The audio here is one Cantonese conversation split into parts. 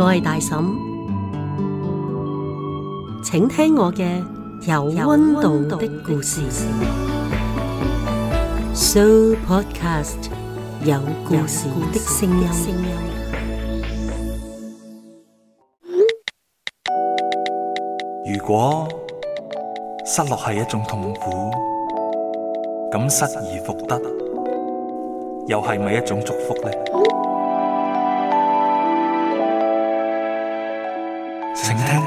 我係大嬸，請聽我嘅有温度的故事，So Podcast 有故事的聲音。如果失落係一種痛苦，咁失而復得，又係咪一種祝福呢？請聽《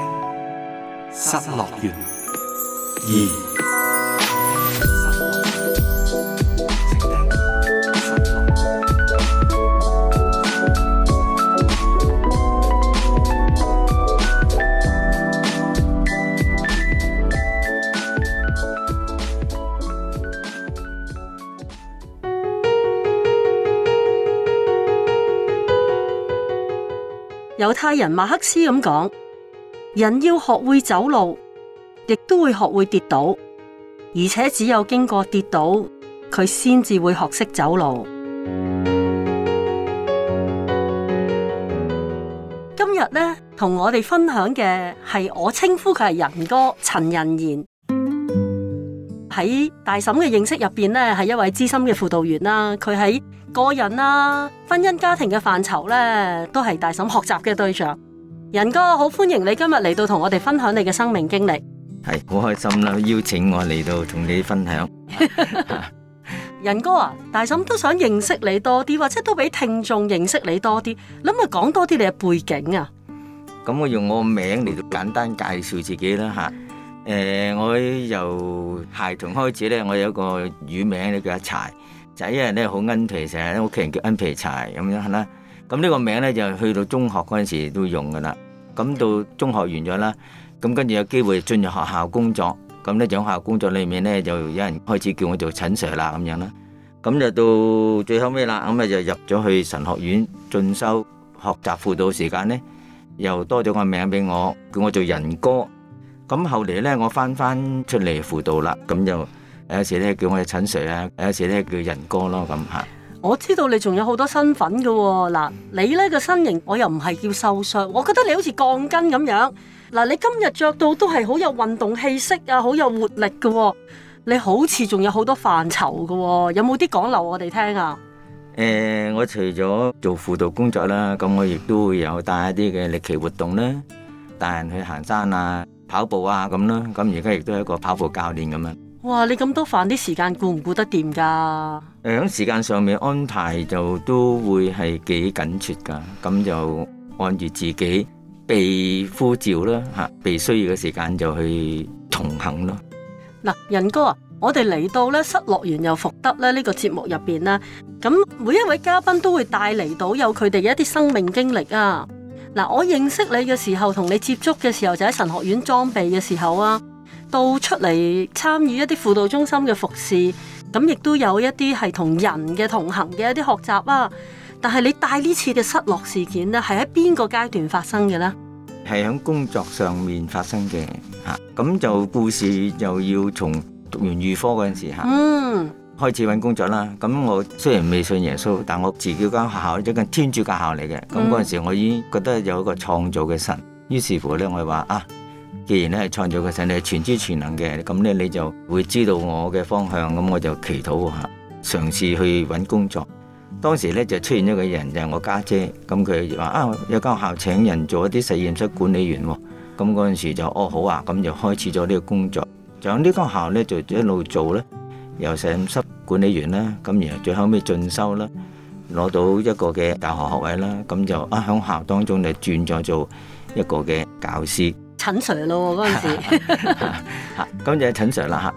失樂園二》。猶太人馬克思咁講。人要學會走路，亦都會學會跌倒，而且只有經過跌倒，佢先至會學識走路。 今日咧，同我哋分享嘅係我稱呼佢係仁哥陳仁賢。喺大嬸嘅認識入邊咧，係一位資深嘅輔導員啦。佢喺個人啦、啊、婚姻家庭嘅範疇咧，都係大嬸學習嘅對象。仁哥好，歡迎你今日嚟到同我哋分享你嘅生命經歷，係，好開心啦！邀請我嚟到同你分享。仁哥啊，大嬸都想認識你多啲，或者都俾聽眾認識你多啲，諗住講多啲你嘅背景啊。咁我用我個名嚟到簡單介紹自己啦吓。誒，我由孩童開始咧，我有一個乳名咧，叫阿柴仔啊，咧好恩皮成日，屋企人叫恩皮柴咁樣啦。咁呢個名咧就去到中學嗰陣時都用噶啦，咁到中學完咗啦，咁跟住有機會進入學校工作，咁咧響學校工作裏面咧就有人開始叫我做陳 Sir 啦咁樣啦，咁就到最後尾啦，咁啊就入咗去神學院進修學習輔導時間咧，又多咗個名俾我，叫我做仁哥。咁後嚟咧我翻翻出嚟輔導啦，咁就有時咧叫我做陳 Sir 啊，有時咧叫仁哥咯咁嚇。我知道你仲有好多身份嘅喎，嗱，你呢個身形我又唔係叫瘦削，我覺得你好似鋼筋咁樣，嗱，你今日着到都係好有運動氣息啊，好有活力嘅喎、哦，你好似仲有好多範疇嘅喎、哦，有冇啲講漏我哋聽啊？誒、欸，我除咗做輔導工作啦，咁我亦都會有帶一啲嘅歷奇活動啦，帶人去行山啊、跑步啊咁咯，咁而家亦都係一個跑步教練咁樣。哇！你咁多飯，啲時間顧唔顧得掂噶？誒，喺時間上面安排就都會係幾緊缺噶，咁就按住自己被呼召啦，吓被需要嘅時間就去同行咯。嗱，仁哥啊，我哋嚟到咧失樂園又復得咧呢個節目入邊咧，咁每一位嘉賓都會帶嚟到有佢哋嘅一啲生命經歷啊。嗱，我認識你嘅時候，同你接觸嘅時候就喺神學院裝備嘅時候啊。到出嚟參與一啲輔導中心嘅服侍，咁亦都有一啲係同人嘅同行嘅一啲學習啦、啊。但係你帶呢次嘅失落事件呢，係喺邊個階段發生嘅呢？係喺工作上面發生嘅嚇。咁、啊、就故事又要從讀完預科嗰陣時嚇、啊嗯、開始揾工作啦。咁我雖然未信耶穌，但我自己間學校一間天主教校嚟嘅。咁嗰陣時我已經覺得有一個創造嘅神。於是乎呢，我話啊。既然咧係創造嘅神，你係全知全能嘅，咁咧你就會知道我嘅方向，咁我就祈禱下，嘗試去揾工作。當時咧就出現咗個人就係我家姐，咁佢話啊，有間學校請人做一啲實驗室管理員喎。咁嗰陣時就哦好啊，咁就開始咗呢個工作。就喺呢間學校咧就一路做啦，由實驗室管理員啦，咁然後最後尾進修啦，攞到一個嘅大學學位啦，咁就啊喺校當中就轉咗做一個嘅教師。陳 sir 咯嗰陣時，嚇咁就係陳 sir 啦嚇。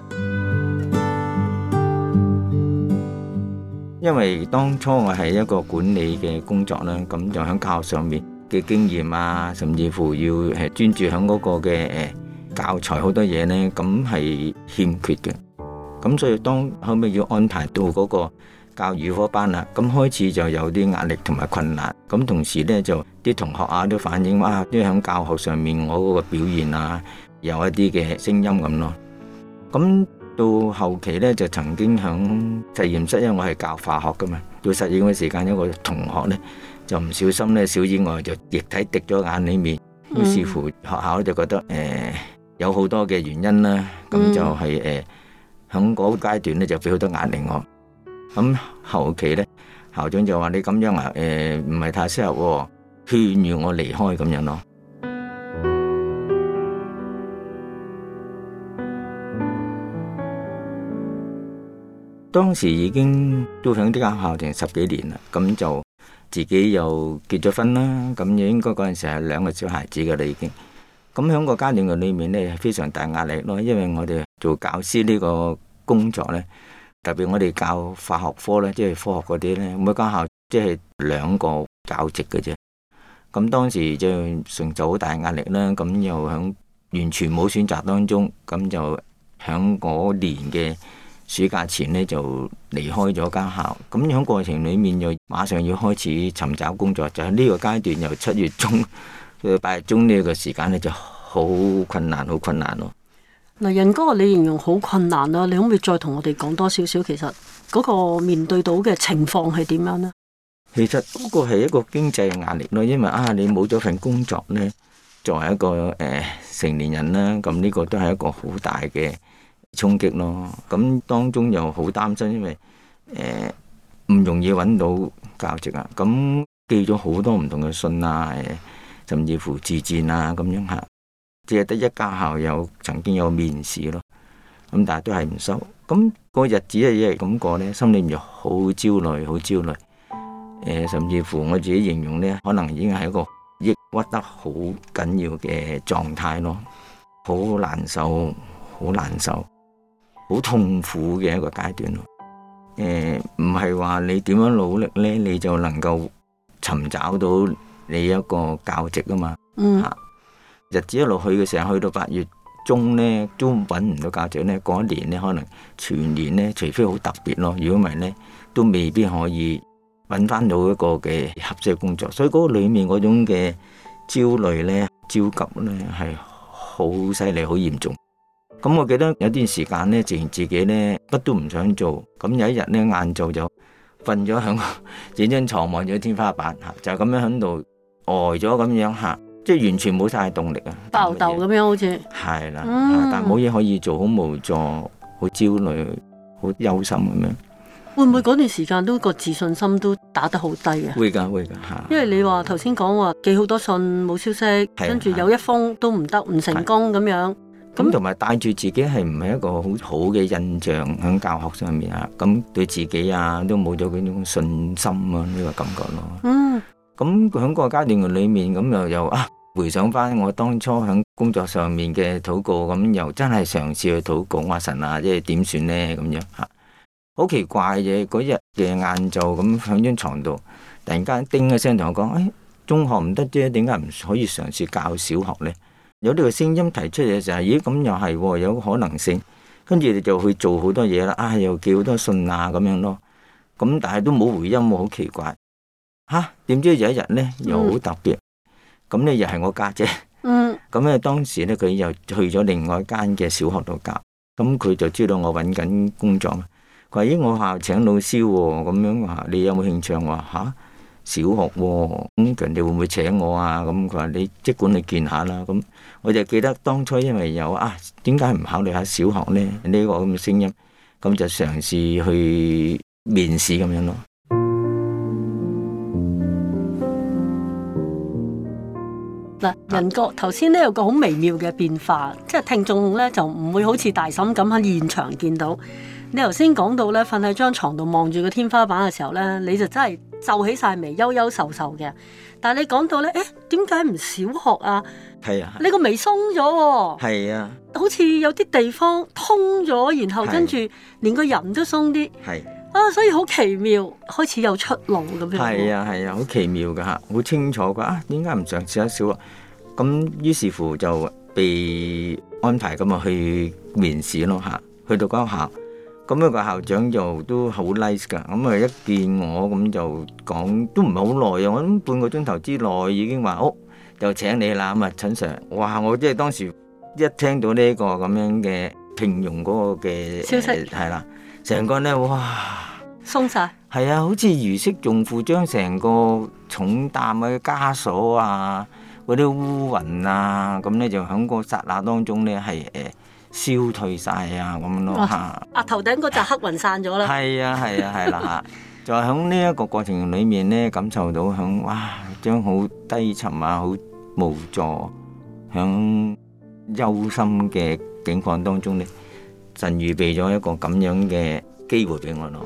因為當初我係一個管理嘅工作咧，咁就喺教學上面嘅經驗啊，甚至乎要係專注喺嗰個嘅誒教材好多嘢咧，咁係欠缺嘅。咁所以當後尾要安排到嗰個。教預科班啦，咁開始就有啲壓力同埋困難，咁同時呢，就啲同學啊都反映哇，因為喺教學上面我嗰個表現啊有一啲嘅聲音咁咯。咁到後期呢，就曾經喺實驗室，因為我係教化學噶嘛，到實驗嗰時間一個同學呢就唔小心呢，小意外就液體滴咗眼裏面，於是乎學校就覺得誒、呃、有好多嘅原因啦，咁就係誒喺嗰階段呢，就俾好多壓力我。咁後期咧，校長就話你咁樣啊，誒唔係太適合，哦，勸喻我離開咁樣咯。 當時已經都響呢間校庭十幾年啦，咁就自己又結咗婚啦，咁應該嗰陣時係兩個小孩子嘅啦已經。咁喺個家庭裡面咧，係非常大壓力咯，因為我哋做教師呢個工作咧。特別我哋教化學科咧，即係科學嗰啲咧，每間校即係兩個教職嘅啫。咁當時就承受好大壓力啦。咁又響完全冇選擇當中，咁就響嗰年嘅暑假前咧就離開咗間校。咁響過程裏面又馬上要開始尋找工作，就喺、是、呢個階段由七月中到八月中呢個時間咧就好困難，好困難咯。嗱，仁哥，你形容好困難啊。你可唔可以再同我哋講多少少？其實嗰個面對到嘅情況係點樣呢？其實嗰個係一個經濟嘅壓力咯，因為啊，你冇咗份工作呢，作為一個誒、呃、成年人啦，咁呢個都係一個好大嘅衝擊咯。咁當中又好擔心，因為誒唔、呃、容易揾到教職啊。咁寄咗好多唔同嘅信啊，甚至乎自薦啊，咁樣吓。只係得一家校友曾經有面試咯，咁但係都係唔收，咁、那個日子咧亦係咁過呢，心裏面好焦慮，好焦慮，誒、呃，甚至乎我自己形容呢，可能已經係一個抑鬱得好緊要嘅狀態咯，好難受，好難受，好痛苦嘅一個階段咯，誒、呃，唔係話你點樣努力呢，你就能夠尋找到你一個教職啊嘛，嗯。日子一路去嘅時候，去到八月中咧都揾唔到教長咧。嗰一年咧，可能全年咧，除非好特別咯，如果唔係咧，都未必可以揾翻到一個嘅合適嘅工作。所以嗰個裏面嗰種嘅焦慮咧、焦急咧，係好犀利、好嚴重。咁我記得有段時間咧，自然自己咧乜都唔想做。咁有一日咧，晏晝就瞓咗響整張床，望住天花板吓，就咁樣響度呆咗咁樣吓。即係完全冇晒動力啊，爆豆咁樣好似係啦，係嗯，但冇嘢可以做，好無助，好焦慮，好憂心咁樣。會唔會嗰段時間都個自信心都打得好低啊？會噶會噶因為你話頭先講話寄好多信冇消息，跟住係有一封都唔得，唔成功咁樣。咁同埋帶住自己係唔係一個好好嘅印象喺教學上面啊？咁對自己啊都冇咗嗰種信心啊，呢個感覺咯。嗯。咁喺、嗯、個階段裏面，咁、嗯、又又啊，回想翻我當初喺工作上面嘅禱告，咁、嗯、又真係嘗試去禱告阿神啊，即係點算呢？咁樣吓，好、嗯、奇怪嘅。嗰日嘅晏晝咁喺張床度，突然間叮一聲同我講，誒、哎，中學唔得啫，點解唔可以嘗試教小學呢？有呢個聲音提出嘅時候，咦，咁又係有可能性。跟住你就去做好多嘢啦，啊，又叫好多信啊，咁樣咯。咁但係都冇回音，好奇怪。吓，點知有一日咧，又好特別，咁咧、嗯、又係我家姐、姐。嗯，咁咧當時咧，佢又去咗另外一間嘅小學度教，咁佢就知道我搵緊工作，佢話，咦，我校請老師、哦，咁樣話你有冇興趣？我話吓，小學、哦，咁人哋會唔會請我啊？咁佢話你即管嚟見下啦。咁我就記得當初因為有啊，點解唔考慮下小學咧？呢個咁嘅聲音，咁就嘗試去面試咁樣咯。人覺頭先咧有個好微妙嘅變化，即係聽眾咧就唔會好似大嬸咁喺現場見到。你頭先講到咧瞓喺張床度望住個天花板嘅時候咧，你就真係皺起晒眉，憂憂愁愁嘅。但係你講到咧，誒、欸，點解唔小學啊？係啊，你個眉鬆咗，係啊，好似有啲地方通咗，然後跟住是連個人都鬆啲。係。啊！所以好奇妙，開始有出路咁樣。係啊，係啊，好奇妙噶吓，好清楚啩？點解唔嘗試一少啊？咁於是乎就被安排咁啊去面試咯吓，去到間學校，咁呢個校長就都好 nice 噶。咁啊一見我咁就講都唔係好耐啊，我諗半個鐘頭之內已經話哦，就請你啦咁啊，陳 Sir。哇！我即係當時一聽到呢個咁樣嘅聘用嗰個嘅消息，係啦。成個咧，哇，鬆晒了，係啊，好似如釋重負，將成個重擔嘅枷鎖啊，嗰啲烏雲啊，咁咧就喺個剎那當中咧係誒消退晒啊，咁咯吓。啊，頭頂嗰陣黑雲散咗啦，係啊，係啊，係啦吓，就喺呢一個過程裡面咧，感受到喺哇，將好低沉啊，好無助，喺憂心嘅境況當中咧。神預備咗一個咁樣嘅機會俾我咯。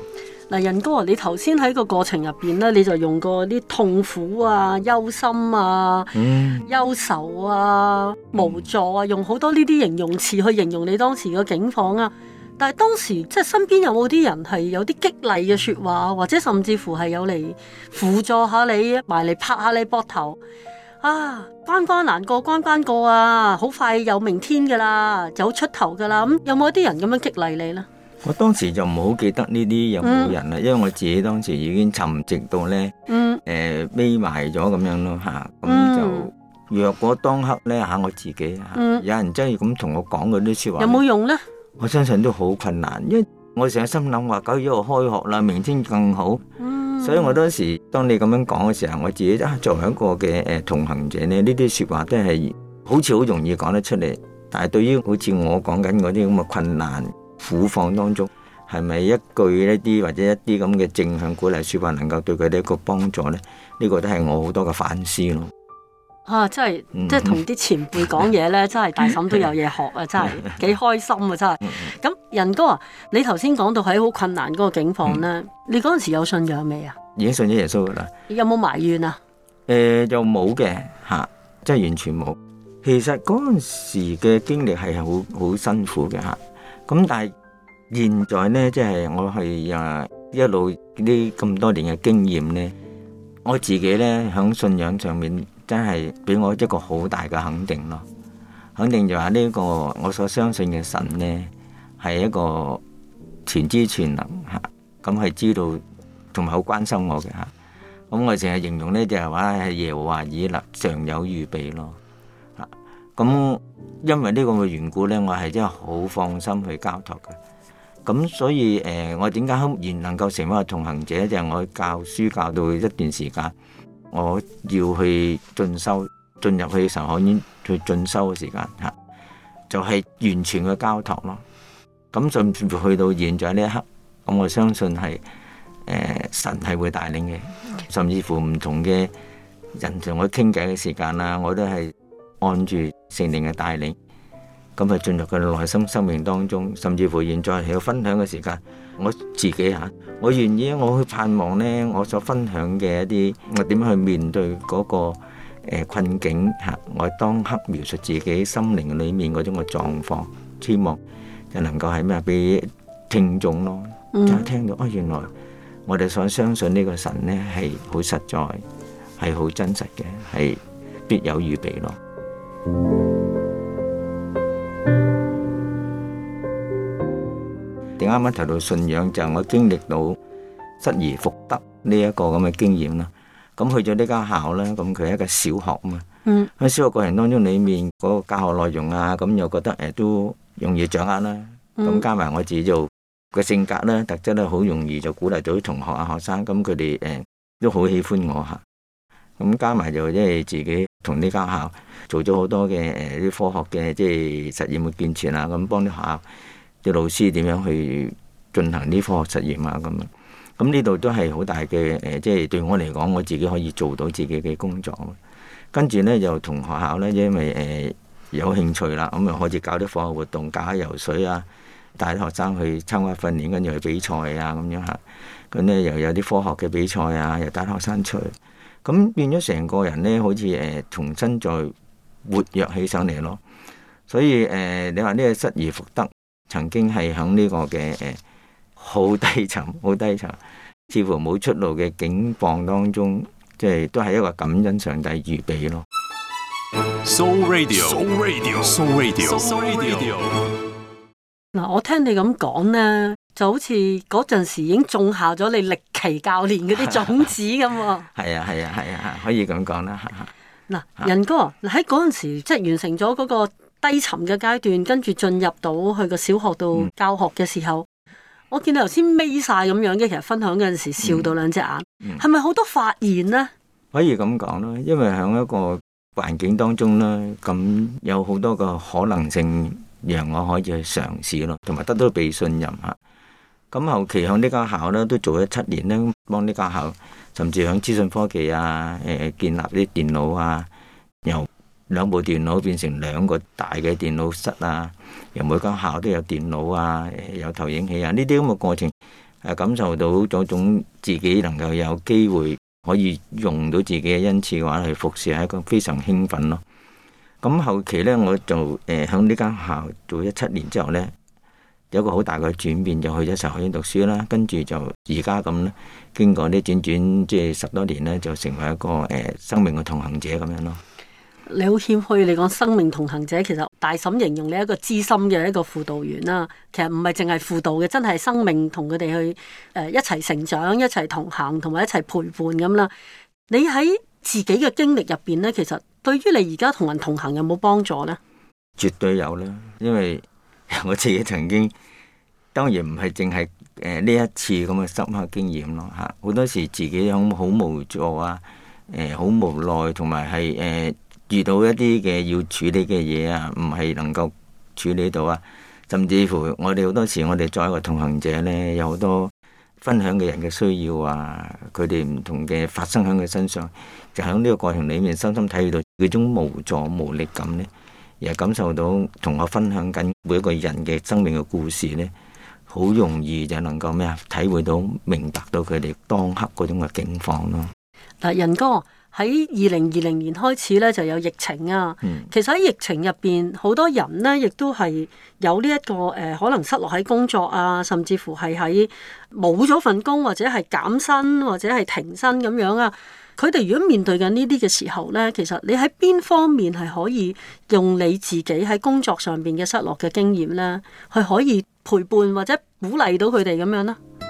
嗱，仁哥，你頭先喺個過程入邊咧，你就用過啲痛苦啊、憂心啊、嗯、憂愁啊、無助啊，用好多呢啲形容詞去形容你當時嘅境況啊。但係當時即係身邊有冇啲人係有啲激勵嘅説話啊，或者甚至乎係有嚟輔助下你，埋嚟拍下你膊頭？啊，關關難過關關過啊，好快有明天噶啦，有出頭噶啦。咁有冇一啲人咁樣激勵你咧？我當時就唔好記得呢啲有冇人啦，因為我自己當時已經沉寂到咧，誒，匿埋咗咁樣咯吓，咁就若果當刻咧吓，我自己啊，有人真係咁同我講嗰啲説話，有冇用咧？我相信都好困難，因為我成日心諗話，九月我開學啦，明天更好。所以我當時當你咁樣講嘅時候，我自己啊作為一個嘅誒同行者咧，呢啲説話都係好似好容易講得出嚟，但係對於好似我講緊嗰啲咁嘅困難苦況當中，係咪一句一啲或者一啲咁嘅正向鼓勵説話能夠對佢哋一個幫助咧？呢、呢個都係我好多嘅反思咯。啊，真係，即係同啲前輩講嘢咧，真係、嗯、大嬸都有嘢學啊， 真係幾開心啊，真係。咁仁、嗯、哥啊，你頭先講到喺好困難嗰個境況咧，嗯、你嗰陣時有信仰未啊？已經信咗耶穌噶啦。有冇埋怨啊？誒、呃，又冇嘅吓，即、啊、係完全冇。其實嗰陣時嘅經歷係好好辛苦嘅吓。咁、啊、但係現在咧，即係我係誒一路呢咁多年嘅經驗咧，我自己咧喺信仰上面。真係俾我一個好大嘅肯定咯，肯定就話呢個我所相信嘅神呢，係一個全知全能吓，咁、啊、係知道，仲係好關心我嘅吓，咁、啊、我成日形容呢、就是，就係話係耶和華以勒，常有預備咯。咁、啊、因為呢個嘅緣故呢，我係真係好放心去交託嘅，咁、啊、所以誒、呃，我點解後邊能夠成為個同行者，就係、是、我教書教到一段時間。我要去進修，進入去神學院去進修嘅時間，吓就係、是、完全嘅交託咯。咁甚至乎去到現在呢一刻，咁我相信係誒、呃、神係會帶領嘅，甚至乎唔同嘅人同我傾偈嘅時間啦，我都係按住聖靈嘅帶領，咁啊進入佢內心生命當中，甚至乎現在係要分享嘅時間。我自己嚇，我願意，我去盼望咧，我所分享嘅一啲，我點去面對嗰、那個、呃、困境嚇、啊，我當刻描述自己心靈裏面嗰種嘅狀況，希望就能夠係咩啊，俾聽眾咯，就、嗯、聽到啊、哦，原來我哋所相信呢個神咧係好實在，係好真實嘅，係必有預備咯。你啱啱提到信仰就係、我經歷到失而復得呢一個咁嘅經驗啦。咁去咗呢間校咧，咁佢係一個小學啊嘛。嗯。喺小學過程當中裡，裏面嗰個教學內容啊，咁又覺得誒、呃、都容易掌握啦。咁、嗯、加埋我自己做嘅性格咧、特質咧，好容易就鼓勵到啲同學啊、學生，咁佢哋誒都好喜歡我嚇。咁加埋就因為自己同呢間校做咗好多嘅誒啲科學嘅即係實驗嘅健全啊，咁幫啲學校。啲老師點樣去進行啲科學實驗啊？咁、呃、啊，咁呢度都係好大嘅誒，即係對我嚟講，我自己可以做到自己嘅工作。跟住呢，又同學校呢，因為誒、呃、有興趣啦，咁啊開始搞啲科學活動，搞下游水啊，帶啲學生去參加訓練，跟住去比賽啊咁樣嚇。咁呢又有啲科學嘅比賽啊，又帶學生出去。咁變咗成個人呢，好似誒、呃、重新再活躍起上嚟咯。所以誒、呃，你話呢個失而復得。曾經係喺呢個嘅誒，好低層、好低層，似乎冇出路嘅境況當中，即係都係一個感恩上帝預備咯。So Radio，So Radio，So Radio，So Radio。嗱，我聽你咁講咧，就好似嗰陣時已經種下咗你歷奇教練嗰啲種子咁喎。係啊，係啊，係啊，可以咁講啦。嗱，仁哥，嗱喺嗰陣時即係完成咗嗰個。低沉嘅階段，跟住進入到去個小學度教學嘅時候，我見到你頭先眯晒咁樣嘅，其實分享嗰陣時笑到兩隻眼，係咪好多發現咧？可以咁講啦，因為喺一個環境當中咧，咁有好多個可能性讓我可以去嘗試咯，同埋得到被信任吓。咁後期響呢間校咧都做咗七年咧，幫呢間校甚至響資訊科技啊，誒，建立啲電腦啊，又。兩部電腦變成兩個大嘅電腦室啊！由每間校都有電腦啊，有投影器啊。呢啲咁嘅過程，誒、呃、感受到咗種自己能夠有機會可以用到自己，嘅恩賜嘅話，去服侍係一個非常興奮咯。咁、嗯、後期呢，我就誒響呢間校做一七年之後呢，有個好大嘅轉變，就去咗上海英讀書啦。跟住就而家咁呢，經過啲轉轉，即係十多年呢，就成為一個誒、呃、生命嘅同行者咁樣咯。你好謙虛，你講，生命同行者其實大嬸形容你一個資深嘅一個輔導員啦，其實唔係淨係輔導嘅，真係生命同佢哋去誒、呃、一齊成長、一齊同行、同埋一齊陪伴咁啦。你喺自己嘅經歷入邊呢，其實對於你而家同人同行有冇幫助呢？絕對有啦，因為我自己曾經當然唔係淨係誒呢一次咁嘅深刻經驗咯吓，好多時自己好好無助啊，誒好無奈，同埋係誒。呃遇到一啲嘅要處理嘅嘢啊，唔係能夠處理到啊，甚至乎我哋好多時，我哋作為一個同行者呢，有好多分享嘅人嘅需要啊，佢哋唔同嘅發生喺佢身上，就喺呢個過程裏面深深體會到嗰種無助無力感呢，而感受到同我分享緊每一個人嘅生命嘅故事呢，好容易就能夠咩啊，體會到明白到佢哋當刻嗰種嘅境況咯。嗱，仁哥。喺二零二零年開始咧，就有疫情啊。嗯、其實喺疫情入邊，好多人咧，亦都係有呢、這、一個誒、呃，可能失落喺工作啊，甚至乎係喺冇咗份工，或者係減薪，或者係停薪咁樣啊。佢哋如果面對緊呢啲嘅時候咧，其實你喺邊方面係可以用你自己喺工作上邊嘅失落嘅經驗咧，去可以陪伴或者鼓勵到佢哋咁樣呢、啊？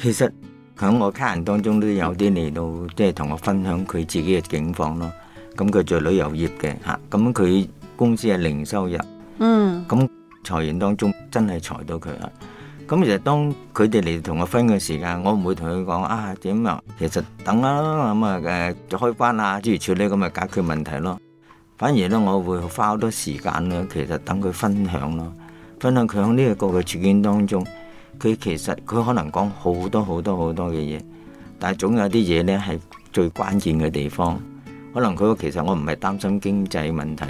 其實。喺我客人當中都有啲嚟到，即係同我分享佢自己嘅境況咯。咁佢做旅遊業嘅嚇，咁佢公司係零收入，嗯，咁裁員當中真係裁到佢啦。咁、啊、其實當佢哋嚟同我分享嘅時間，我唔會同佢講啊點啊，其實等啦咁啊誒、啊、開關啊之類處理咁咪解決問題咯。反而咧，我會花好多時間咧，其實等佢分享咯，分享佢喺呢一個嘅處境當中。佢其實佢可能講好多好多好多嘅嘢，但係總有啲嘢咧係最關鍵嘅地方。可能佢其實我唔係擔心經濟問題，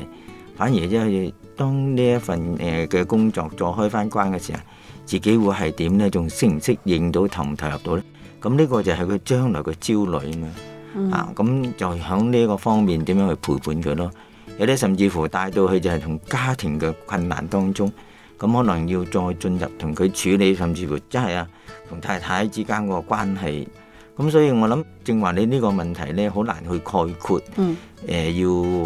反而即係當呢一份誒嘅、呃、工作再開翻關嘅時候，自己會係點咧？仲適唔適應到，投唔投入到咧？咁呢個就係佢將來嘅焦慮嘛、嗯、啊！啊，咁就喺呢個方面點樣去陪伴佢咯？有啲甚至乎帶到佢就係同家庭嘅困難當中。咁可能要再進入同佢處理，甚至乎真係啊，同太太之間個關係。咁所以我諗，正話你呢個問題咧，好難去概括。嗯。誒、呃，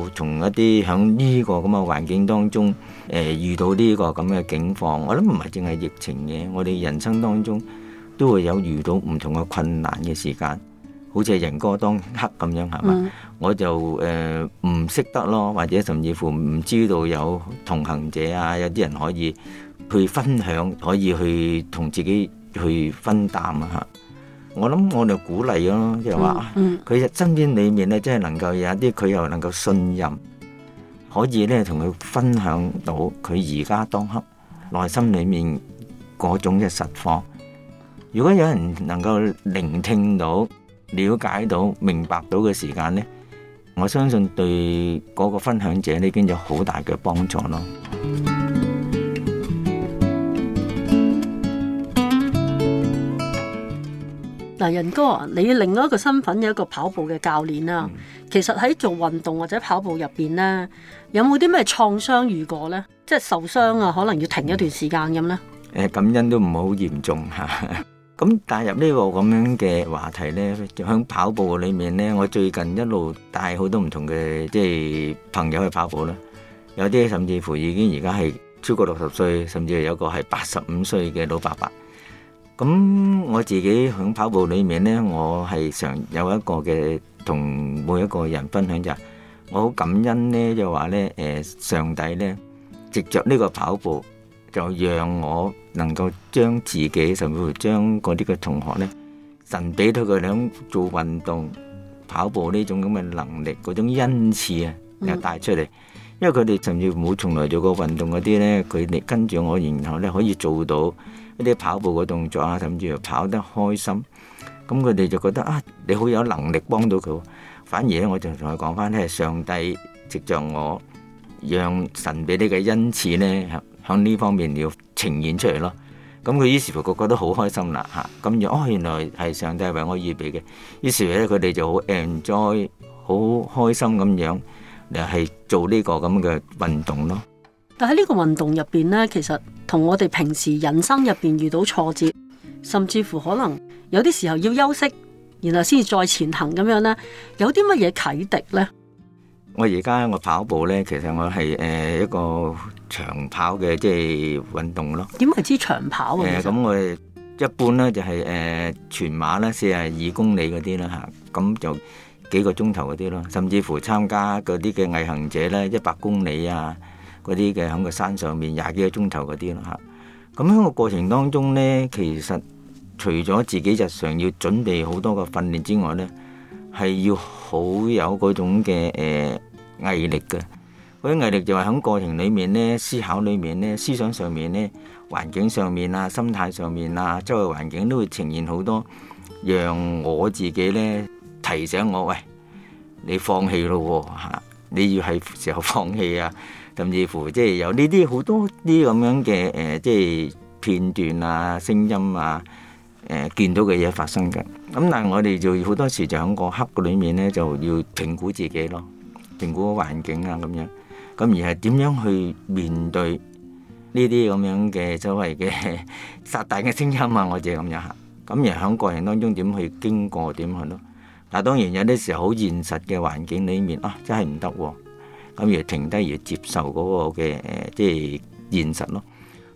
要從一啲響呢個咁嘅環境當中，誒、呃、遇到呢個咁嘅境況。我諗唔係淨係疫情嘅，我哋人生當中都會有遇到唔同嘅困難嘅時間。好似係人哥當黑咁樣，係嘛？Mm. 我就誒唔、呃、識得咯，或者甚至乎唔知道有同行者啊，有啲人可以去分享，可以去同自己去分擔啊。嚇！我諗我哋鼓勵咯，即係話佢身邊裡面咧，即、就、係、是、能夠有一啲佢又能夠信任，可以咧同佢分享到佢而家當黑內心裡面嗰種嘅實況。如果有人能夠聆聽到，瞭解到，明白到嘅時間呢，我相信對嗰個分享者已經有好大嘅幫助咯。嗱，仁哥，你另外一個身份有一個跑步嘅教練啊，嗯、其實喺做運動或者跑步入邊呢，有冇啲咩創傷遇過呢？即係受傷啊，可能要停一段時間咁呢？誒，感恩都唔好嚴重嚇。 咁帶入呢個咁樣嘅話題呢，響跑步裏面呢，我最近一路帶好多唔同嘅即係朋友去跑步啦，有啲甚至乎已經而家係超過六十歲，甚至係有個係八十五歲嘅老伯伯。咁我自己響跑步裏面呢，我係常有一個嘅同每一個人分享就係，我好感恩呢，就話、係、呢，誒上帝呢，藉着呢個跑步。就讓我能夠將自己甚至乎將嗰啲嘅同學咧，神俾到佢哋做運動、跑步呢種咁嘅能力嗰種恩賜啊，又帶出嚟。嗯、因為佢哋甚至冇從來做過運動嗰啲咧，佢哋跟住我，然後咧可以做到一啲跑步嘅動作啊，甚至乎跑得開心。咁佢哋就覺得啊，你好有能力幫到佢。反而咧，我就同佢講翻咧，係上帝藉著我，讓神俾你嘅恩賜咧。向呢方面要呈現出嚟咯，咁佢於是乎個個都好開心啦嚇，咁就哦原來係上帝為我預備嘅，於是咧佢哋就好 enjoy，好開心咁樣嚟係做呢個咁嘅運動咯。但喺呢個運動入邊咧，其實同我哋平時人生入邊遇到挫折，甚至乎可能有啲時候要休息，然後先至再前行咁樣咧，有啲乜嘢啟迪咧？我而家我跑步咧，其實我係誒、呃、一個。長跑嘅即係運動咯、啊 嗯。點為之長跑啊？咁我一般咧就係誒全馬咧四十二公里嗰啲啦嚇，咁、嗯、就幾個鐘頭嗰啲咯。甚至乎參加嗰啲嘅毅行者咧，一百公里啊嗰啲嘅喺個山上面廿幾個鐘頭嗰啲咯嚇。咁喺個過程當中咧，其實除咗自己日常要準備好多嘅訓練之外咧，係要好有嗰種嘅誒、呃、毅力嘅。嗯嗯。嗰啲毅力就係喺過程裏面咧、思考裏面咧、思想上面咧、環境上面啊、心態上面啊、周圍環境都會呈現好多，讓我自己咧提醒我：喂，你放棄咯喎嚇！你要係時候放棄啊，甚至乎即係有呢啲好多啲咁樣嘅誒，即係片段啊、聲音啊、誒、呃、見到嘅嘢發生嘅。咁但係我哋就好多時就喺個黑裏面咧，就要評估自己咯，評估個環境啊咁樣。咁而係點樣去面對呢啲咁樣嘅所謂嘅撒旦嘅聲音啊？我自己咁樣嚇。咁而喺過程當中點去經過點去咯？嗱，但當然有啲時候好現實嘅環境裡面啊，真係唔得喎。咁而停低而接受嗰個嘅誒、呃，即係現實咯。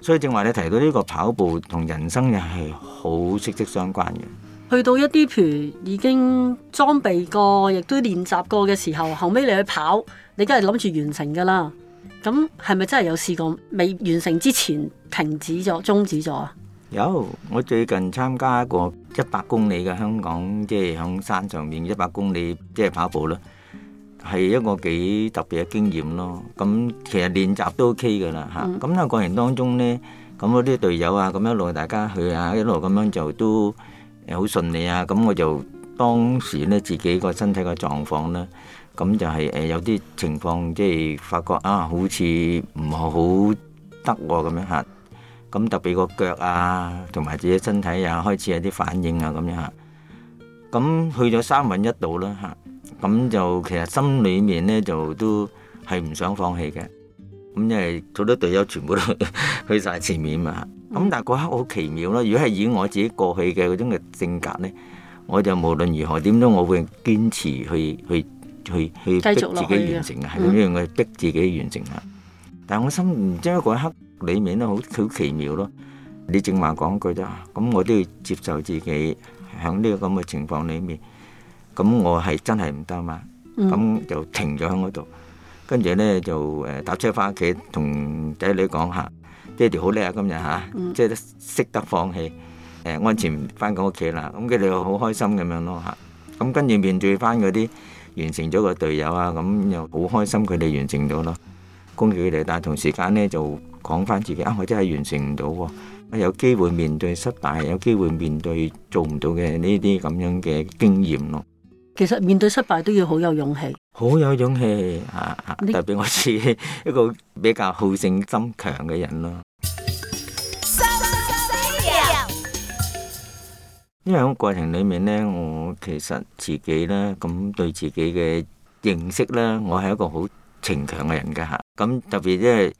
所以正話你提到呢個跑步同人生又係好息息相關嘅。去到一啲譬如已經裝備過，亦都練習過嘅時候，後尾你去跑，你梗係諗住完成噶啦。咁係咪真係有試過未完成之前停止咗、中止咗啊？有，我最近參加一個一百公里嘅香港，即係響山上面一百公里即係、就是、跑步咯，係一個幾特別嘅經驗咯。咁其實練習都 OK 噶啦嚇。咁、嗯、啊，過、那、程、個、當中咧，咁嗰啲隊友啊，咁一路大家去啊，一路咁樣就都。好順利啊！咁我就當時咧自己個身體個狀況咧，咁就係誒有啲情況，即係發覺啊，好似唔係好得喎咁樣嚇。咁特別個腳啊，同埋自己身體啊，開始有啲反應啊咁樣嚇。咁去咗三揾一度啦嚇，咁、啊、就其實心裡面咧就都係唔想放棄嘅。咁因為好多隊友全部都 去晒前面嘛。咁但係嗰刻好奇妙咯，如果係以我自己過去嘅嗰種嘅性格咧，我就無論如何點都，我會堅持去去去去逼自己完成嘅，係咁樣嘅逼自己完成啦。但係我心唔知嗰一刻裡面咧，好好奇妙咯。你正話講句啫，咁我都要接受自己喺呢個咁嘅情況裡面，咁我係真係唔得嘛，咁就停咗喺嗰度，跟住咧就誒搭車翻屋企，同仔女講下。爹哋好叻啊！今日嚇，即係識得放棄，誒、呃、安全翻到屋企啦。咁佢哋好開心咁樣咯嚇。咁、啊、跟住面對翻嗰啲完成咗嘅隊友啊，咁又好開心佢哋完成到咯，恭喜佢哋。但係同時間咧就講翻自己啊，我真係完成唔到喎。有機會面對失敗，有機會面對做唔到嘅呢啲咁樣嘅經驗咯。啊、其實面對失敗都要有好有勇氣，好有勇氣嚇，代、啊、表你 我自己一個比較好勝心，心強嘅人咯。因為喺過程裏面呢，我其實自己呢，咁對自己嘅認識呢，我係一個好情強嘅人嘅吓。咁特別即係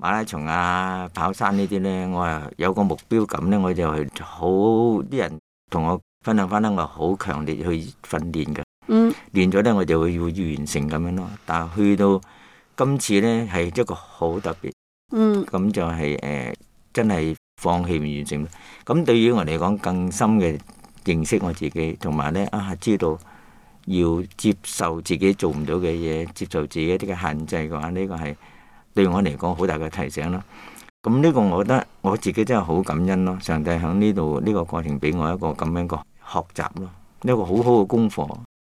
馬拉松啊、跑山呢啲呢，我啊有個目標感呢，我就係好啲人同我分享分享我好強烈去訓練嘅。嗯，練咗呢，我就會會完成咁樣咯。但係去到今次呢，係一個好特別。嗯，咁就係、是、誒、呃，真係。放棄唔完成，咁對於我嚟講，更深嘅認識我自己，同埋呢，啊，知道要接受自己做唔到嘅嘢，接受自己一啲嘅限制嘅話，呢個係對我嚟講好大嘅提醒咯。咁呢個我覺得我自己真係好感恩咯，上帝喺呢度呢個過程俾我一個咁樣個學習咯，呢個好好嘅功課。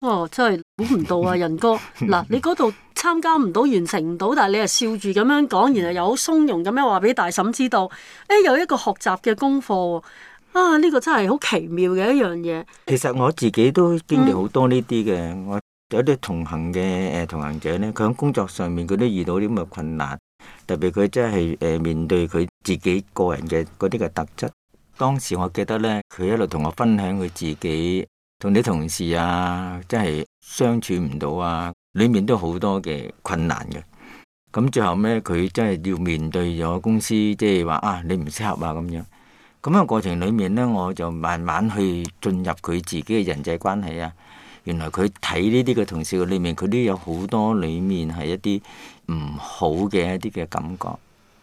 哦，即係。估唔 到啊，仁哥！嗱，你嗰度參加唔到，完成唔到，但係你又笑住咁樣講，然後又好鬆容咁樣話俾大嬸知道，誒、哎，有一個學習嘅功課啊！呢、呢個真係好奇妙嘅一樣嘢。其實我自己都經歷好多呢啲嘅，嗯、我有啲同行嘅誒、呃、同行者咧，佢響工作上面佢都遇到啲咁嘅困難，特別佢真係誒面對佢自己個人嘅嗰啲嘅特質。當時我記得咧，佢一路同我分享佢自己同啲同事啊，真係。相處唔到啊，裏面都好多嘅困難嘅。咁最後咧，佢真係要面對咗公司，即係話啊，你唔適合啊，咁樣咁樣，過程裏面呢，我就慢慢去進入佢自己嘅人際關係啊。原來佢睇呢啲嘅同事裏面，佢都有好多裏面係一啲唔好嘅一啲嘅感覺，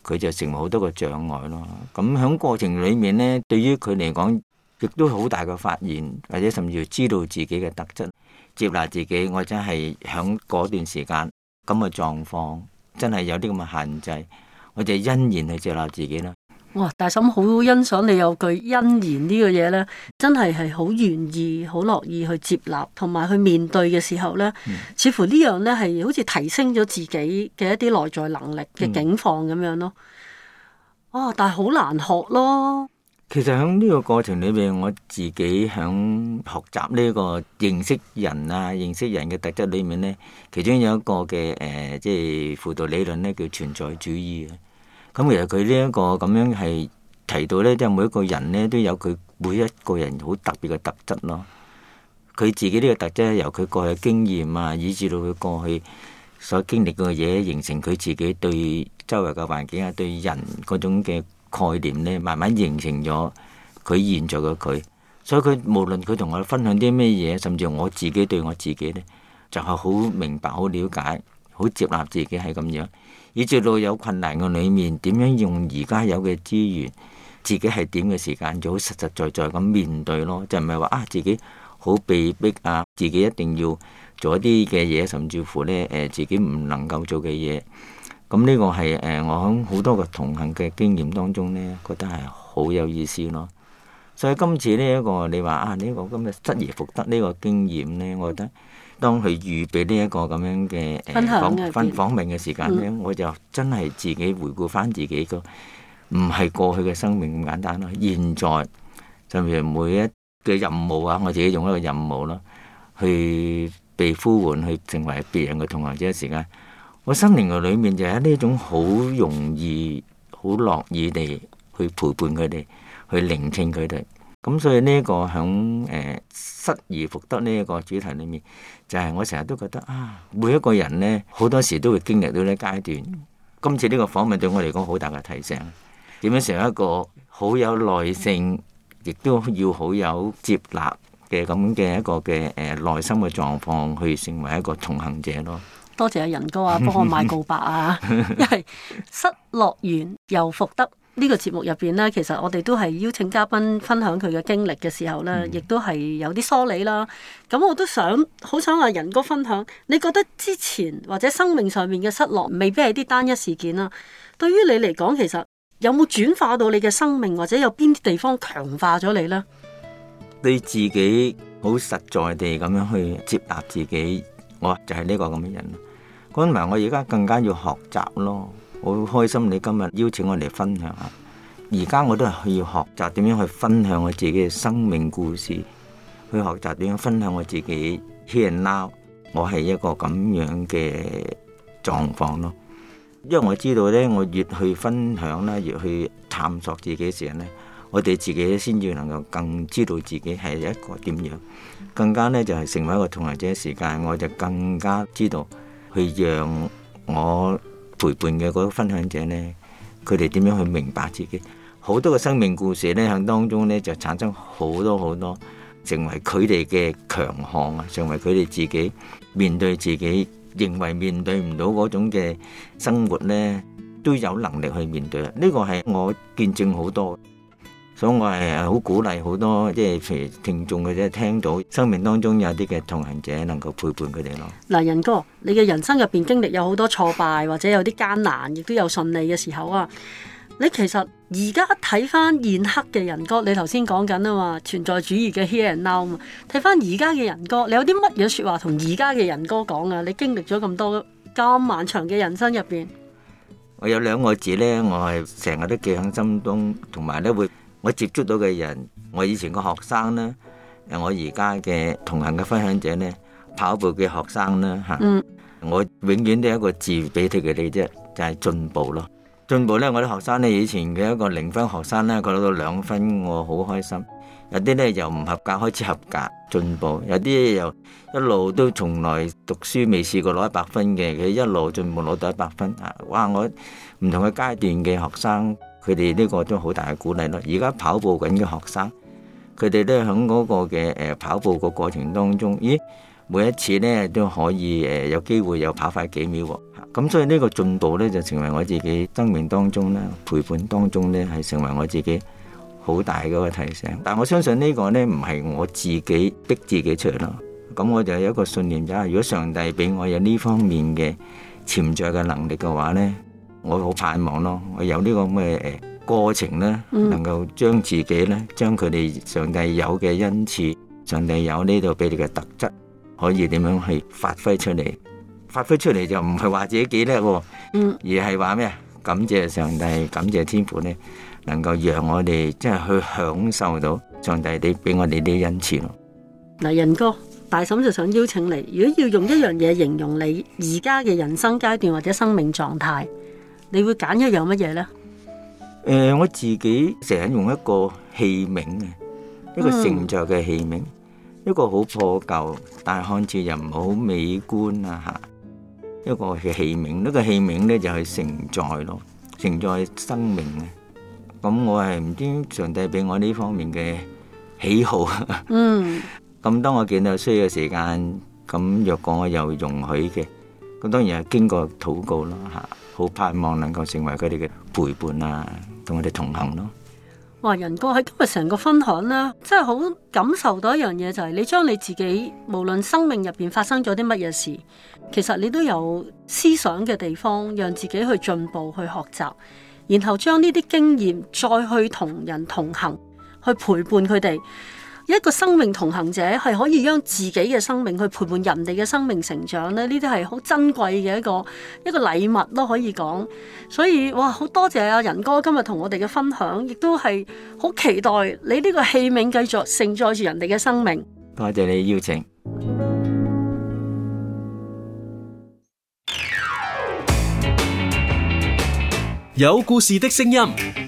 佢就成為好多個障礙咯。咁喺過程裏面呢，對於佢嚟講，亦都好大嘅發現，或者甚至知道自己嘅特質。接納自己，我真係響嗰段時間咁嘅狀況，真係有啲咁嘅限制，我就欣然去接納自己啦。哇，大嬸好欣賞你有句欣然呢個嘢咧，真係係好願意、好樂意去接納同埋去面對嘅時候、嗯、呢。似乎呢樣呢係好似提升咗自己嘅一啲內在能力嘅境況咁樣咯。哦、嗯啊，但係好難學咯。其實喺呢個過程裏面，我自己喺學習呢個認識人啊、認識人嘅特質裏面呢，其中有一個嘅誒、呃，即係輔導理論呢，叫存在主義。咁、嗯、其實佢呢一個咁樣係提到呢，即係每一個人呢都有佢每一個人好特別嘅特質咯。佢自己呢個特質由佢過去經驗啊，以至到佢過去所經歷嘅嘢，形成佢自己對周圍嘅環境啊、對人嗰種嘅。概念咧慢慢形成咗佢現在嘅佢，所以佢無論佢同我分享啲咩嘢，甚至我自己對我自己咧，就係好明白、好了解、好接納自己係咁樣，以至到有困難嘅裏面，點樣用而家有嘅資源，自己係點嘅時間就好實實在在咁面對咯，就唔係話啊自己好被逼啊，自己一定要做一啲嘅嘢，甚至乎咧誒自己唔能夠做嘅嘢。咁呢個係誒，我喺好多個同行嘅經驗當中咧，覺得係好有意思咯。所以今次呢、這、一個你話啊，呢、這個今日失而復得呢個經驗咧，我覺得當佢預備呢一個咁樣嘅誒、嗯呃、訪訪嘅時間咧，我就真係自己回顧翻自己個唔係過去嘅生命咁簡單咯。現在甚至每一嘅任務啊，我自己用一個任務咯，去被呼喚去成為別人嘅同行者嘅時間。我心靈嘅裏面就喺呢一種好容易、好樂意地去陪伴佢哋、去聆聽佢哋。咁所以呢一個響、呃、失而復得呢一個主題裏面，就係、是、我成日都覺得啊，每一個人呢，好多時都會經歷到呢階段。嗯、今次呢個訪問對我嚟講好大嘅提醒，點樣成為一個好有耐性，亦都要好有接納嘅咁嘅一個嘅誒內心嘅狀況，去成為一個同行者咯。多謝阿仁哥啊，幫我買告白啊！ 因為失落完又復得呢、呢個節目入邊呢，其實我哋都係邀請嘉賓分享佢嘅經歷嘅時候呢，亦都係有啲梳理啦。咁我都想好想話仁哥分享，你覺得之前或者生命上面嘅失落，未必係啲單一事件啦、啊。對於你嚟講，其實有冇轉化到你嘅生命，或者有邊啲地方強化咗你呢？你自己好實在地咁樣去接納自己，我就係呢個咁嘅人。本來我而家更加要學習咯。好開心你今日邀請我嚟分享啊！而家我都係去學習點樣去分享我自己嘅生命故事，去學習點樣分享我自己。Here and now，我係一個咁樣嘅狀況咯。因為我知道咧，我越去分享啦，越去探索自己嘅時候咧，我哋自己先至能夠更知道自己係一個點樣，更加咧就係、是、成為一個同行者嘅時間我就更加知道。去讓我陪伴嘅分享者呢，佢哋點樣去明白自己？好多個生命故事呢，喺當中呢，就產生好多好多成，成為佢哋嘅強項啊！成為佢哋自己面對自己，認為面對唔到嗰種嘅生活呢，都有能力去面對。呢個係我見證好多。所以我，我係好鼓勵好多即係譬如聽眾嘅，啫，係聽到生命當中有啲嘅同行者能夠陪伴佢哋咯。嗱，仁哥，你嘅人生入邊經歷有好多挫敗，或者有啲艱難，亦都有順利嘅時候啊。你其實而家睇翻現刻嘅仁哥，你頭先講緊啊嘛，存在主義嘅 here and now 嘛。睇翻而家嘅仁哥，你有啲乜嘢説話同而家嘅仁哥講啊？你經歷咗咁多咁漫長嘅人生入邊，我有兩個字呢，我係成日都記喺心中，同埋咧會。我接觸到嘅人，我以前個學生咧，我而家嘅同行嘅分享者咧，跑步嘅學生咧嚇，嗯、我永遠都有一個字俾佢哋啫，就係、是、進步咯。進步咧，我啲學生咧，以前嘅一個零分學生咧，佢攞到兩分，我好開心。有啲咧由唔合格開始合格進步，有啲又一路都從來讀書未試過攞一百分嘅，佢一路進步攞到一百分嚇。哇！我唔同嘅階段嘅學生。佢哋呢個都好大嘅鼓勵咯。而家跑步緊嘅學生，佢哋都喺嗰個嘅誒跑步個過程當中，咦，每一次呢都可以誒有機會又跑快幾秒。咁所以呢個進度呢，就成為我自己生命當中咧、陪伴當中呢，係成為我自己好大嗰個提醒。但我相信呢個呢，唔係我自己逼自己出嚟咯。咁我就有一個信念就係，如果上帝俾我有呢方面嘅潛在嘅能力嘅話呢。我好盼望咯，我有呢個咁嘅誒過程咧，能夠將自己咧，將佢哋上帝有嘅恩賜，上帝有呢度俾你嘅特質，可以點樣去發揮出嚟，發揮出嚟就唔係話自己幾叻嘅，嗯，而係話咩？感謝上帝，感謝天父咧，能夠讓我哋即係去享受到上帝啲俾我哋啲恩賜咯。嗱，仁哥大嬸就想邀請你，如果要用一樣嘢形容你而家嘅人生階段或者生命狀態，你會揀一樣乜嘢咧？誒，我自己成日用一個器皿嘅，一個承載嘅器皿，一個好破舊，但係看似又唔好美觀啊吓。一個器皿，呢個器皿咧就係承載咯，承載生命嘅。咁我係唔知上帝俾我呢方面嘅喜好。嗯。咁當我見到需要嘅時間，咁若果我又容許嘅。咁當然係經過禱告咯嚇，好盼望能夠成為佢哋嘅陪伴啊，同佢哋同行咯。哇！人哥喺今日成個分享啦，真係好感受到一樣嘢，就係、是、你將你自己無論生命入邊發生咗啲乜嘢事，其實你都有思想嘅地方，讓自己去進步去學習，然後將呢啲經驗再去同人同行，去陪伴佢哋。一個生命同行者係可以將自己嘅生命去陪伴人哋嘅生命成長咧，呢啲係好珍貴嘅一個一個禮物都可以講。所以哇，好多謝阿仁哥今日同我哋嘅分享，亦都係好期待你呢個器皿繼續承載住人哋嘅生命。多謝，謝你邀請，有故事的聲音。